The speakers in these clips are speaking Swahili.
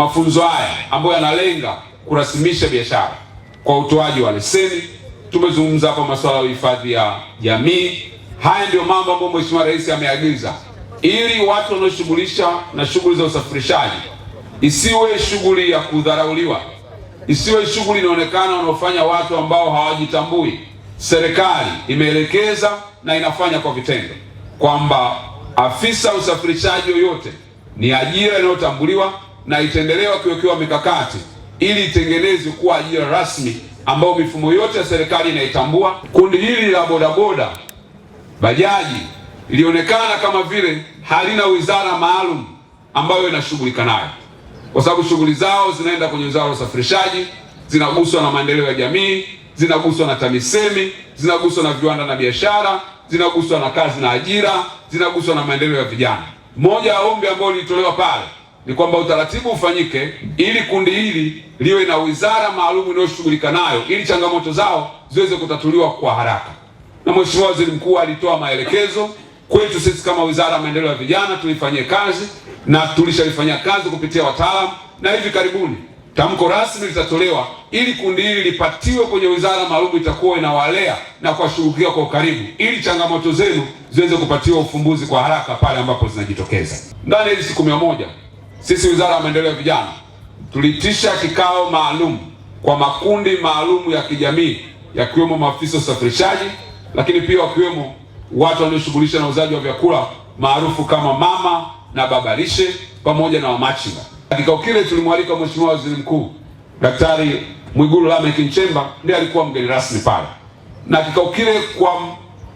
Mafunzo haya ambayo yanalenga kurasimisha biashara kwa utoaji wa leseni, tumezungumza hapa masuala ya hifadhi ya jamii. Haya ndiyo mambo ambayo Mheshimiwa Rais ameagiza ili watu wanaoshughulisha na shughuli za usafirishaji isiwe shughuli ya kudharauliwa, isiwe shughuli inaonekana wanaofanya watu ambao hawajitambui. Serikali imeelekeza na inafanya kwa vitendo kwamba afisa usafirishaji yoyote ni ajira inayotambuliwa na itaendelewa kuwekewa mikakati ili itengenezwe kuwa ajira rasmi ambayo mifumo yote ya serikali inaitambua. Kundi hili la bodaboda, bajaji ilionekana kama vile halina wizara maalum ambayo inashughulika nayo, kwa sababu shughuli zao zinaenda kwenye wizara ya usafirishaji, zinaguswa na maendeleo ya jamii, zinaguswa na TAMISEMI, zinaguswa na viwanda na biashara, zinaguswa na kazi na ajira, zinaguswa na maendeleo ya vijana. Moja ya ombi ambayo lilitolewa pale ni kwamba utaratibu ufanyike ili kundi hili liwe na wizara maalum inayoshughulika nayo ili changamoto zao ziweze kutatuliwa kwa haraka. Na Mheshimiwa Waziri Mkuu alitoa maelekezo kwetu sisi kama Wizara ya Maendeleo ya Vijana tulifanyie kazi na tulishalifanyia kazi kupitia wataalamu, na hivi karibuni tamko rasmi litatolewa ili kundi hili lipatiwe kwenye wizara maalum itakuwa inawalea na kuwashughulikia kwa ukaribu ili changamoto zenu ziweze kupatiwa ufumbuzi kwa haraka pale ambapo zinajitokeza ndani ya siku mia moja. Sisi Wizara ya Maendeleo ya Vijana tuliitisha kikao maalum kwa makundi maalum ya kijamii yakiwemo maafisa usafirishaji, lakini pia wakiwemo watu wanaoshughulisha na uzaji wa vyakula maarufu kama mama na baba lishe pamoja na wamachinga. Kikao kile tulimwalika Mheshimiwa Waziri Mkuu Daktari Mwigulu Lameck Nchemba, ndiye alikuwa mgeni rasmi pale, na kikao kile kwa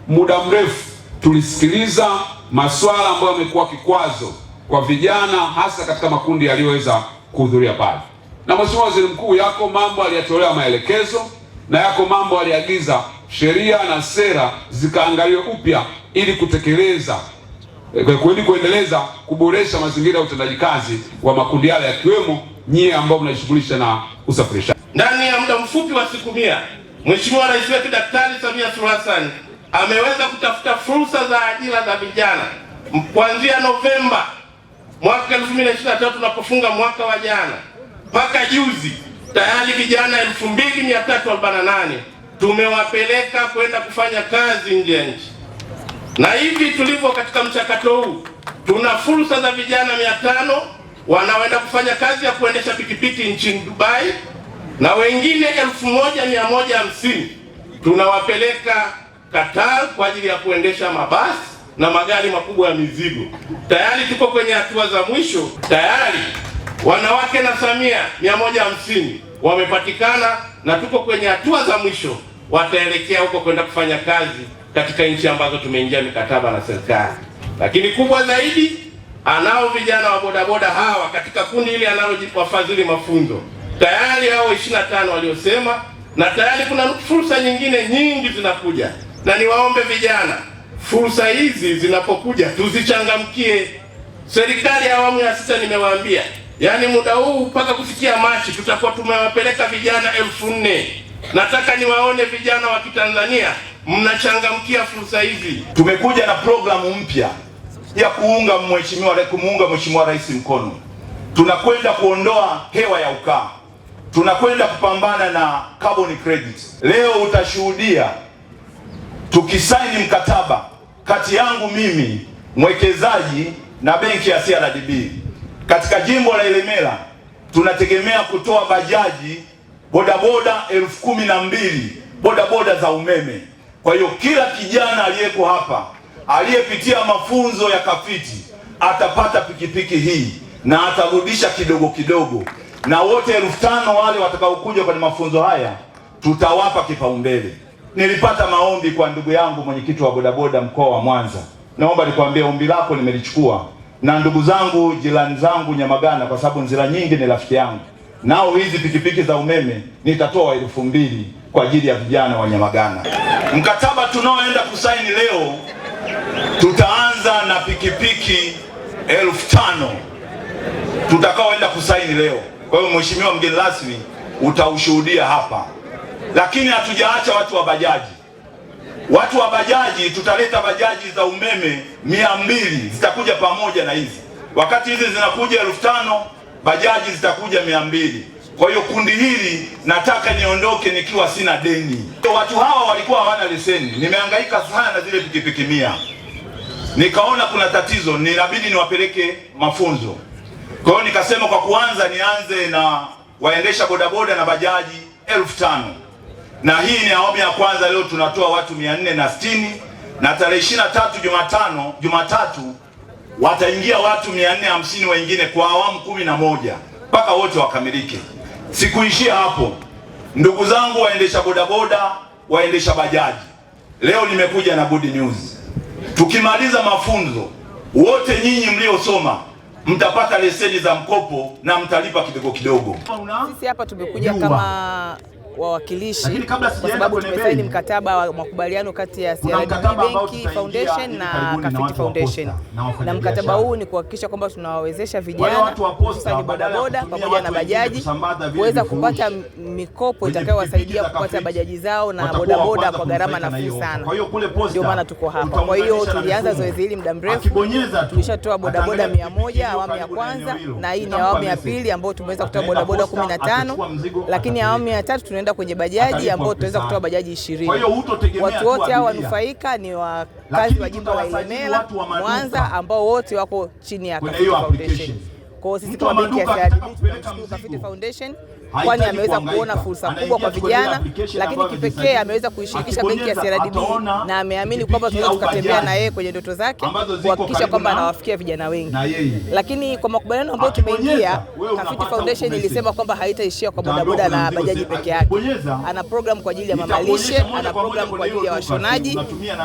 muda mrefu tulisikiliza masuala ambayo yamekuwa kikwazo kwa vijana, hasa katika makundi yaliyoweza kuhudhuria pale. Na Mheshimiwa Waziri Mkuu, yako mambo aliyatolea maelekezo na yako mambo aliagiza sheria na sera zikaangaliwe upya ili kutekeleza eh, ili kuendeleza kuboresha mazingira ya utendaji kazi wa makundi yale, yakiwemo nyie ambao mnajishughulisha na usafirishaji. Ndani ya muda mfupi wa siku mia, Mheshimiwa Rais wetu Daktari Samia Suluhu Hassan ameweza kutafuta fursa za ajira za vijana kuanzia Novemba mwaka 2023 tunapofunga mwaka wa jana mpaka juzi tayari vijana 2348 tumewapeleka kwenda kufanya kazi nje ya nchi, na hivi tulivyo katika mchakato huu tuna fursa za vijana 500 wanaoenda kufanya kazi ya kuendesha pikipiki nchini Dubai na wengine 1150 tunawapeleka Qatar kwa ajili ya kuendesha mabasi na magari makubwa ya mizigo. Tayari tuko kwenye hatua za mwisho. Tayari wanawake na Samia mia moja hamsini wamepatikana na tuko kwenye hatua za mwisho, wataelekea huko kwenda kufanya kazi katika nchi ambazo tumeingia mikataba na serikali. Lakini kubwa zaidi, anao vijana wa bodaboda hawa katika kundi hili analowafadhili mafunzo tayari hao 25 waliosema, na tayari kuna fursa nyingine nyingi zinakuja, na niwaombe vijana fursa hizi zinapokuja tuzichangamkie. Serikali ya awamu ya sita nimewaambia, yaani muda huu mpaka kufikia Machi tutakuwa tumewapeleka vijana elfu nne. Nataka niwaone vijana wa Kitanzania mnachangamkia fursa hizi. Tumekuja na programu mpya ya kuunga mheshimiwa kumuunga mheshimiwa rais mkono. Tunakwenda kuondoa hewa ya ukaa, tunakwenda kupambana na carbon credit. Leo utashuhudia tukisaini mkataba kati yangu mimi mwekezaji na benki ya CRDB katika jimbo la Ilemela tunategemea kutoa bajaji bodaboda elfu kumi na mbili bodaboda za umeme. Kwa hiyo kila kijana aliyeko hapa aliyepitia mafunzo ya Kafiti atapata pikipiki hii na atarudisha kidogo kidogo, na wote elfu tano wale watakaokuja kwenye mafunzo haya tutawapa kipaumbele nilipata maombi kwa ndugu yangu mwenyekiti wa bodaboda mkoa wa Mwanza. Naomba nikwambie ombi lako nimelichukua na ndugu zangu jirani zangu Nyamagana, kwa sababu nzira nyingi ni rafiki yangu, nao hizi pikipiki za umeme nitatoa elfu mbili kwa ajili ya vijana wa Nyamagana. Mkataba tunaoenda kusaini leo, tutaanza na pikipiki elfu tano tutakaoenda kusaini leo. Kwa hiyo, mheshimiwa mgeni rasmi, utaushuhudia hapa lakini hatujaacha watu wa bajaji. Watu wa bajaji tutaleta bajaji za umeme mia mbili zitakuja pamoja na hizi, wakati hizi zinakuja elfu tano bajaji zitakuja mia mbili. Kwa hiyo kundi hili nataka niondoke nikiwa sina deni. Watu hawa walikuwa hawana leseni, nimehangaika sana na zile pikipiki mia, nikaona kuna tatizo, ninabidi niwapeleke mafunzo. Kwa hiyo nikasema kwa kuanza nianze na waendesha bodaboda na bajaji elfu tano na hii ni awamu ya kwanza. Leo tunatoa watu mia nne na sitini na tarehe ishirini na tatu Jumatano, Jumatatu wataingia watu mia nne hamsini wengine kwa awamu kumi na moja mpaka wote wakamilike. Sikuishia hapo, ndugu zangu waendesha bodaboda, waendesha bajaji, leo nimekuja na good news. Tukimaliza mafunzo, wote nyinyi mliosoma mtapata leseni za mkopo na mtalipa kidogo kidogo. Sisi hapa tumekuja kama wawakilishi kwa sababu tumesaini mkataba wa makubaliano kati ya CRDB Bank Foundation na Kafiti Foundation, na mkataba huu ni kuhakikisha kwamba tunawawezesha vijana hususani bodaboda pamoja na bajaji kuweza kupata mikopo itakayowasaidia kupata bajaji zao na bodaboda kwa gharama nafuu sana. Ndio maana tuko hapa. Kwa hiyo tulianza zoezi hili muda mrefu, tumeshatoa bodaboda 100 awamu ya kwanza, na hii ni awamu ya pili ambayo tumeweza kutoa bodaboda 15, lakini awamu ya tatu tunaenda kwenye bajaji ambayo tunaweza kutoa bajaji ishirini. Watu wote hao wanufaika ni wakazi wa jimbo la Ilemela, Mwanza, ambao wote wako chini ya Kafiti Foundation. Kwa hiyo sisi kama benki ya CRDB tunamshukuru Kafiti Foundation kwani ameweza kuona fursa kubwa kwa vijana, lakini kipekee ameweza kuishirikisha benki ya CRDB na ameamini kwamba tunaweza tukatembea na yeye kwenye ndoto zake kuhakikisha kwamba anawafikia vijana wengi. Lakini kwa makubaliano ambayo tumeingia, Tafiti Foundation ilisema kwamba haitaishia kwa bodaboda na bajaji peke yake. Ana program kwa ajili ya mamalishe, ana program kwa ajili ya washonaji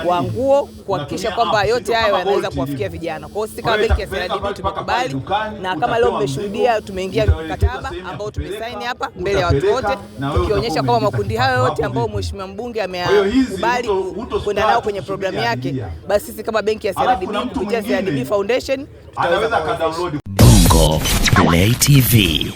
wa nguo, kuhakikisha kwamba yote hayo yanaweza kuwafikia vijana. Kwa hiyo sisi kama benki ya CRDB tumekubali, na kama leo mmeshuhudia, tumeingia mkataba ambao tumesaini hapa hapa mbele ya watu wote, tukionyesha kwamba makundi hayo yote ambayo mheshimiwa mbunge ameyakubali kwenda nao kwenye programu yake, basi sisi kama benki ya CRDB kupitia CRDB Foundation tutaweza. Bongo Play TV.